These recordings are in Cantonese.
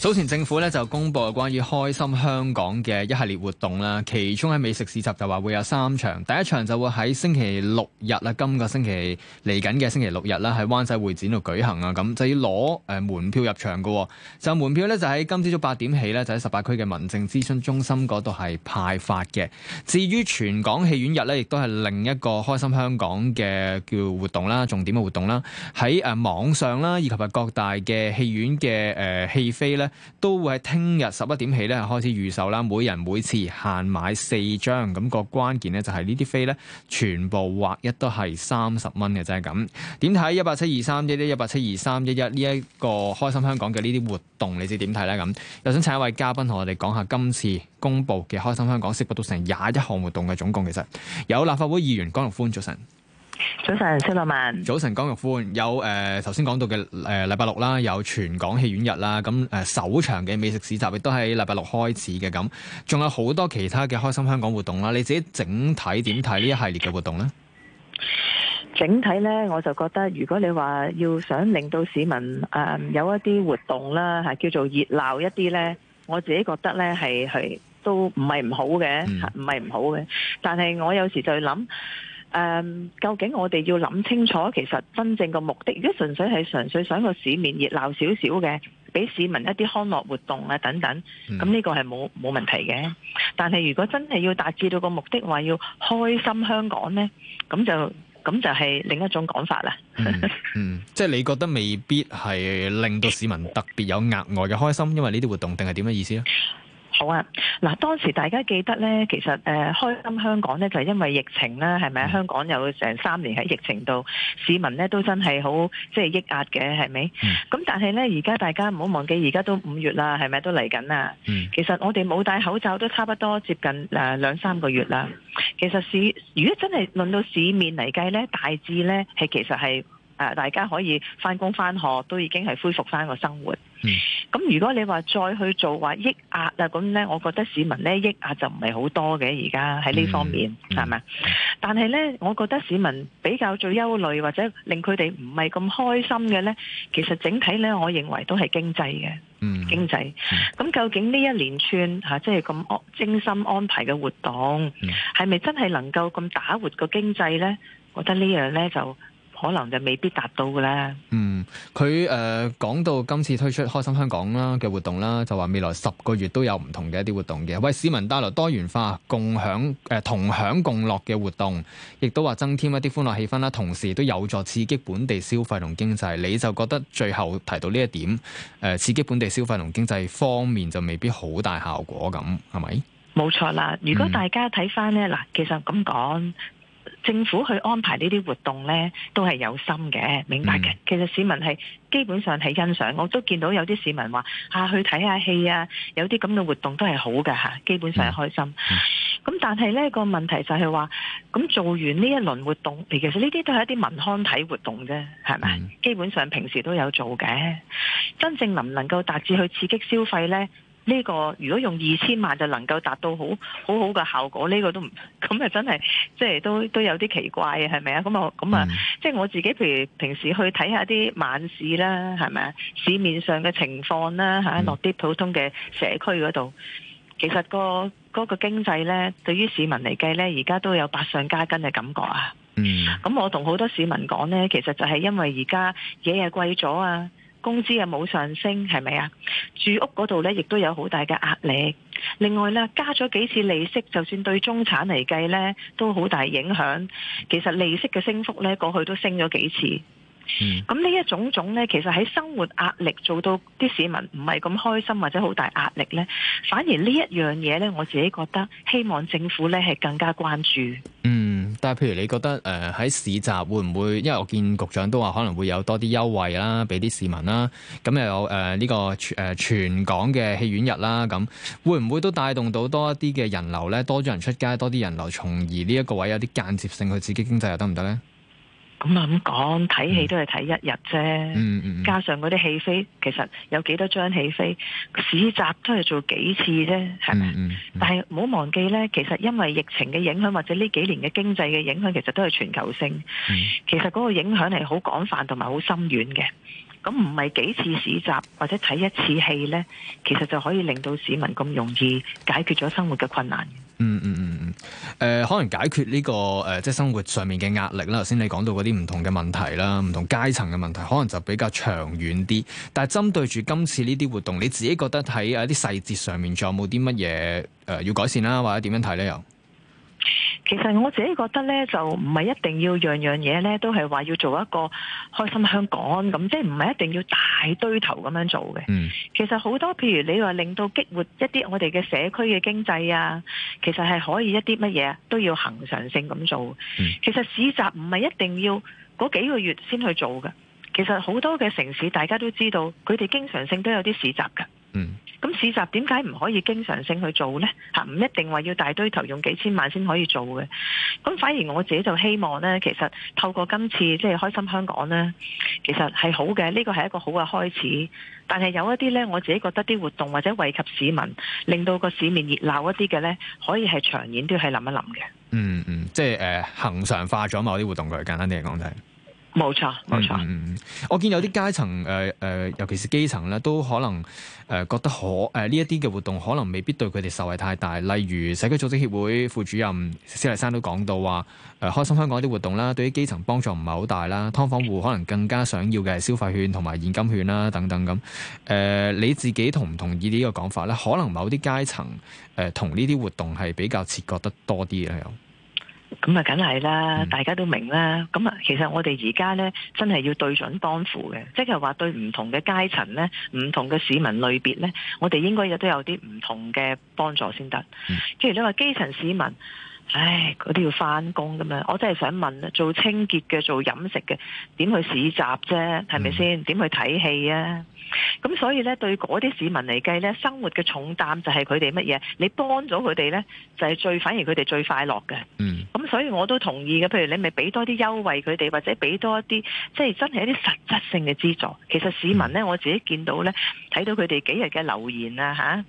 早前政府咧就公布關於開心香港嘅一系列活動啦，其中喺美食市集就話會有三場，第一場就會喺星期六日啦，今個星期嚟緊嘅星期六日啦，喺灣仔會展度舉行啊，咁就要攞誒門票入場嘅。就門票咧就喺今朝早八點起咧，就喺十八區嘅民政諮詢中心嗰度係派發嘅。至於全港戲院日咧，亦都係另一個開心香港嘅叫活動啦，重點嘅活動啦，喺誒網上啦，以及係各大嘅戲院嘅誒戲飛咧。呃都會喺聽日十一點起咧開始預售啦，每人每次限買四張。咁個關鍵咧就係呢啲飛咧全部劃一都係三十蚊嘅啫。咁點睇一八七二三一一一八七二三一一呢一個開心香港嘅呢啲活動？你知點睇咧？咁又想請一位嘉賓同我哋講下今次公布嘅開心香港涉及到成廿一項活動嘅總共，其實有立法會議員江玉歡早晨。早晨，蕭樂文。早晨，江玉歡。有誒，頭先講到嘅誒，禮拜六啦，有全港戲院日啦，咁誒首場嘅美食市集亦都喺禮拜六開始嘅，咁，仲有好多其他嘅開心香港活動啦。你自己整體點睇呢一系列嘅活動呢？整體呢，我就覺得如果你話要想令到市民誒有一啲活動啦，係叫做熱鬧一啲呢，我自己覺得呢係係都唔係唔好嘅，唔係唔好嘅。但係我有時就諗。誒，um，究竟我哋要諗清楚，其實真正個目的，如果純粹係純粹想個市面熱鬧少少嘅，俾市民一啲康樂活動啊等等，咁呢、嗯、個係冇冇問題嘅。但係如果真係要達至到個目的話，要開心香港咧，咁就咁就係另一種講法啦、 嗯。嗯，即係你覺得未必係令到市民特別有額外嘅開心，因為呢啲活動定係點嘅意思啊？好啊！嗱，當時大家記得呢，其實誒、呃、開心香港呢，就係、是、因為疫情啦。係咪香港有成三年喺疫情度，市民呢都真係好即係抑壓嘅，係咪？咁、嗯、但係呢，而家大家唔好忘記，而家都五月啦，係咪都嚟緊啦？嗯、其實我哋冇戴口罩都差不多接近誒兩三個月啦。其實市如果真係論到市面嚟計呢，大致呢，係其實係。誒，大家可以返工返學，都已經係恢復返個生活。咁、嗯、如果你話再去做話抑壓啊，咁呢我覺得市民呢抑壓就唔係好多嘅。而家喺呢方面係咪、嗯嗯？但係呢我覺得市民比較最憂慮或者令佢哋唔係咁開心嘅呢，其實整體呢我認為都係經濟嘅，經濟。咁、嗯嗯、究竟呢一連串吓、啊、即係咁精心安排嘅活動，係咪、嗯嗯、真係能夠咁打活個經濟呢我覺得呢樣呢就。可能就未必達到嘅啦。嗯，佢誒講到今次推出開心香港啦嘅活動啦，就話未來十個月都有唔同嘅一啲活動嘅，為市民帶來多元化、共享誒、呃、同享共樂嘅活動，亦都話增添一啲歡樂氣氛啦。同時都有助刺激本地消費同經濟。你就覺得最後提到呢一點誒、呃，刺激本地消費同經濟方面就未必好大效果咁，係咪？冇錯啦。如果大家睇翻呢，嗱、嗯，其實咁講。政府去安排呢啲活動呢，都係有心嘅，明白嘅。其實市民係基本上係欣賞，我都見到有啲市民話嚇、啊、去睇下戲啊，有啲咁嘅活動都係好嘅吓，基本上開心。咁、嗯、但係呢個問題就係話，咁做完呢一輪活動，其實呢啲都係一啲民康體活動啫，係咪？嗯、基本上平時都有做嘅，真正能唔能夠達至去刺激消費呢？呢個如果用二千萬就能夠達到好好好嘅效果，呢個都唔咁啊，真係即係都都有啲奇怪啊，係咪啊？咁啊咁啊，即係我自己，譬如平時去睇下啲晚市啦，係咪啊？市面上嘅情況啦，嚇落啲普通嘅社區嗰度，其實個嗰個經濟呢，對於市民嚟計呢，而家都有百上加斤嘅感覺啊。嗯。咁我同好多市民講呢，其實就係因為而家嘢嘢貴咗啊。工資又冇上升，係咪啊？住屋嗰度咧，亦都有好大嘅壓力。另外啦，加咗幾次利息，就算對中產嚟計咧，都好大影響。其實利息嘅升幅咧，過去都升咗幾次。咁呢一種種咧，其實喺生活壓力做到啲市民唔係咁開心或者好大壓力咧，反而呢一樣嘢咧，我自己覺得希望政府咧係更加關注。嗯，但係譬如你覺得誒喺、呃、市集會唔會？因為我見局長都話可能會有多啲優惠啦，俾啲市民啦。咁又有誒呢、呃這個誒全、呃、全港嘅戲院日啦，咁會唔會都帶動到多一啲嘅人流咧？多咗人出街，多啲人流，從而呢一個位有啲間接性去刺激經濟又得唔得咧？行咁啊咁講，睇戲都係睇一日啫。嗯嗯嗯、加上嗰啲戲飛，其實有幾多張戲飛，市集都係做幾次啫，係咪？嗯嗯、但係唔好忘記呢，其實因為疫情嘅影響或者呢幾年嘅經濟嘅影響，其實都係全球性。嗯、其實嗰個影響係好廣泛同埋好深遠嘅。咁唔係幾次市集或者睇一次戲呢，其實就可以令到市民咁容易解決咗生活嘅困難。嗯嗯嗯嗯，誒、嗯呃、可能解決呢個誒、呃、即係生活上面嘅壓力啦。頭先你講到嗰啲唔同嘅問題啦，唔同階層嘅問題，可能就比較長遠啲。但係針對住今次呢啲活動，你自己覺得喺一啲細節上面仲有冇啲乜嘢誒要改善啦、啊，或者點樣睇咧？又？其實我自己覺得呢，就唔係一定要樣樣嘢呢，都係話要做一個開心香港咁，即係唔係一定要大堆頭咁樣做嘅。其實好多，譬如你話令到激活一啲我哋嘅社區嘅經濟啊，其實係可以一啲乜嘢都要恒常性咁做。嗯、其實市集唔係一定要嗰幾個月先去做嘅。其實好多嘅城市，大家都知道，佢哋經常性都有啲市集㗎。嗯。市集點解唔可以經常性去做呢？吓，唔一定話要大堆頭用幾千萬先可以做嘅。咁反而我自己就希望呢，其實透過今次即係開心香港呢，其實係好嘅。呢個係一個好嘅開始，但係有一啲呢，我自己覺得啲活動或者惠及市民，令到個市面熱鬧一啲嘅呢，可以係長遠都要係諗一諗嘅。嗯嗯，即係誒，恆常化咗某啲活動，佢簡單啲嚟講就係。冇錯，冇錯。嗯，嗯，我見有啲階層誒誒、呃，尤其是基層咧，都可能誒覺得可誒呢一啲嘅活動可能未必對佢哋受惠太大。例如社區組織協會副主任施麗珊都講到話，誒、呃、開心香港啲活動啦，對於基層幫助唔係好大啦。劏房戶可能更加想要嘅係消費券同埋現金券啦，等等咁。誒、呃，你自己同唔同意個呢個講法咧？可能某啲階層誒同呢啲活動係比較切割得多啲嘅。咁啊，梗係啦，大家都明啦。咁啊，其實我哋而家咧，真係要對準幫扶嘅，即係話對唔同嘅階層咧，唔同嘅市民類別咧，我哋應該亦都有啲唔同嘅幫助先得。嗯、譬如你話基層市民。唉，嗰啲要返工咁樣，我真係想問啦，做清潔嘅，做飲食嘅，點去市集啫？係咪先？點、嗯、去睇戲啊？咁所以呢，對嗰啲市民嚟計呢，生活嘅重擔就係佢哋乜嘢？你幫咗佢哋呢，就係、是、最反而佢哋最快樂嘅。嗯。咁所以我都同意嘅，譬如你咪畀多啲優惠佢哋，或者畀多一啲，即係真係一啲實質性嘅資助。其實市民呢，嗯、我自己見到呢，睇到佢哋幾日嘅留言啊，吓。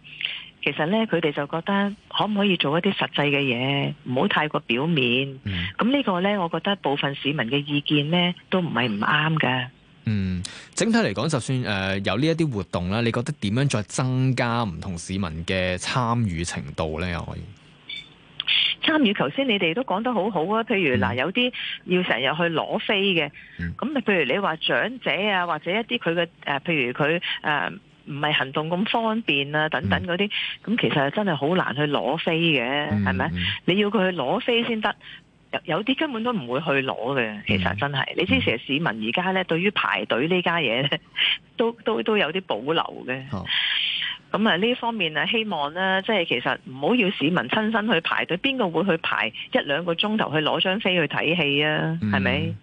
其實咧，佢哋就覺得可唔可以做一啲實際嘅嘢，唔好太過表面。咁呢、嗯、個呢，我覺得部分市民嘅意見呢都唔係唔啱嘅。嗯，整體嚟講，就算誒、呃、有呢一啲活動啦，你覺得點樣再增加唔同市民嘅參與程度呢？又可以參與？頭先你哋都講得好好啊，譬如嗱、呃，有啲要成日去攞飛嘅，咁、嗯、譬如你話長者啊，或者一啲佢嘅誒，譬如佢誒。呃唔係行動咁方便啊，等等嗰啲，咁、mm. 其實真係好難去攞飛嘅，係咪、mm.？你要佢去攞飛先得，有啲根本都唔會去攞嘅，其實真係。Mm. 你知成日市民而家咧對於排隊呢家嘢咧，都都都有啲保留嘅。咁、oh. 啊，呢方面啊，希望呢、啊，即係其實唔好要，要市民親身去排隊，邊個會去排一兩個鐘頭去攞張飛去睇戲啊？係咪、mm.？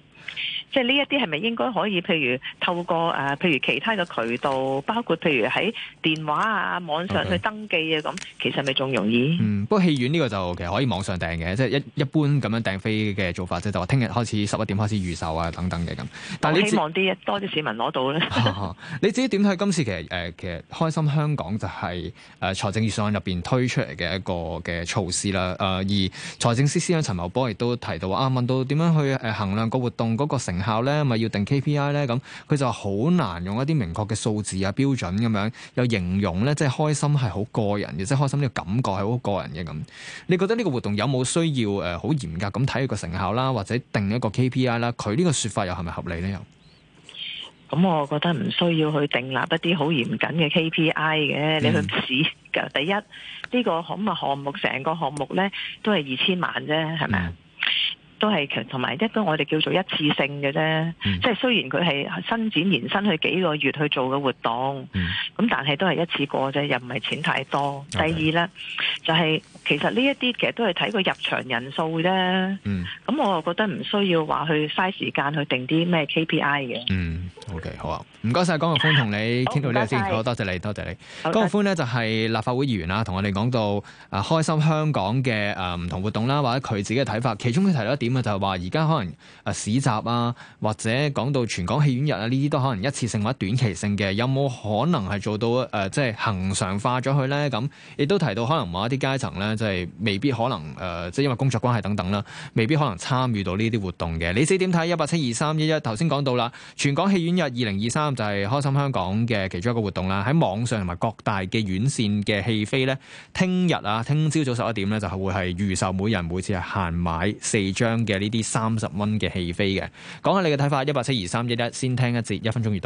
即係呢一啲係咪應該可以，譬如透過誒譬如其他嘅渠道，包括譬如喺電話啊、網上去登記啊，咁 Okay. 其實咪仲容易？嗯，不過戲院呢個就其實可以網上訂嘅，即係一一般咁樣訂飛嘅做法，即係就話聽日開始十一點開始預售啊等等嘅咁。但你我希望啲多啲市民攞到咧、 啊。你自己點睇今次其實誒、呃、其實開心香港就係誒財政預算案入邊推出嚟嘅一個嘅措施啦。誒、呃、而財政司司長陳茂波亦都提到啊，問到點樣去誒衡量個活動嗰、嗰個成。效咧咪要定 KPI 咧咁，佢就好難用一啲明確嘅數字啊標準咁樣，又形容咧即係開心係好個人，亦即係開心呢個感覺係好個人嘅咁。你覺得呢個活動有冇需要誒好嚴格咁睇佢個成效啦，或者定一個 KPI 啦？佢呢個說法又係咪合理咧？又咁我覺得唔需要去訂立一啲好嚴謹嘅 KPI 嘅。你去試，第一呢個項目項目成個項目咧都係二千萬啫，係咪啊？都係同埋都我哋叫做一次性嘅啫，嗯、即係雖然佢係伸展延伸去幾個月去做嘅活動，咁、嗯、但係都係一次過啫，又唔係錢太多。Okay. 第二呢、就係，就係其實呢一啲其實都係睇個入場人數啫，咁、嗯、我又覺得唔需要話去嘥時間去定啲咩 KPI 嘅。嗯。Okay, 好啊，唔該晒。江玉歡，同你傾到呢度先，好多謝你，多謝你。好江玉歡呢，就係立法會議員啦，同我哋講到啊，開心香港嘅誒唔同活動啦，或者佢自己嘅睇法。其中都提到一點啊，就係話而家可能啊市集啊，或者講到全港戲院日啊，呢啲都可能一次性或者短期性嘅，有冇可能係做到誒、呃、即係恒常化咗去呢？咁亦都提到可能某一啲階層呢，就係未必可能誒、呃，即係因為工作關係等等啦，未必可能參與到呢啲活動嘅。你知點睇？一八七二三一一，頭先講到啦，全港戲院日。二零二三就係開心香港嘅其中一個活動啦。喺網上同埋各大嘅院線嘅戲飛咧，聽日啊，聽朝早十一點咧就係會係預售，每人每次係限買四張嘅呢啲三十蚊嘅戲飛嘅。講下你嘅睇法，一八七二三一一先聽一節一分鐘閱讀。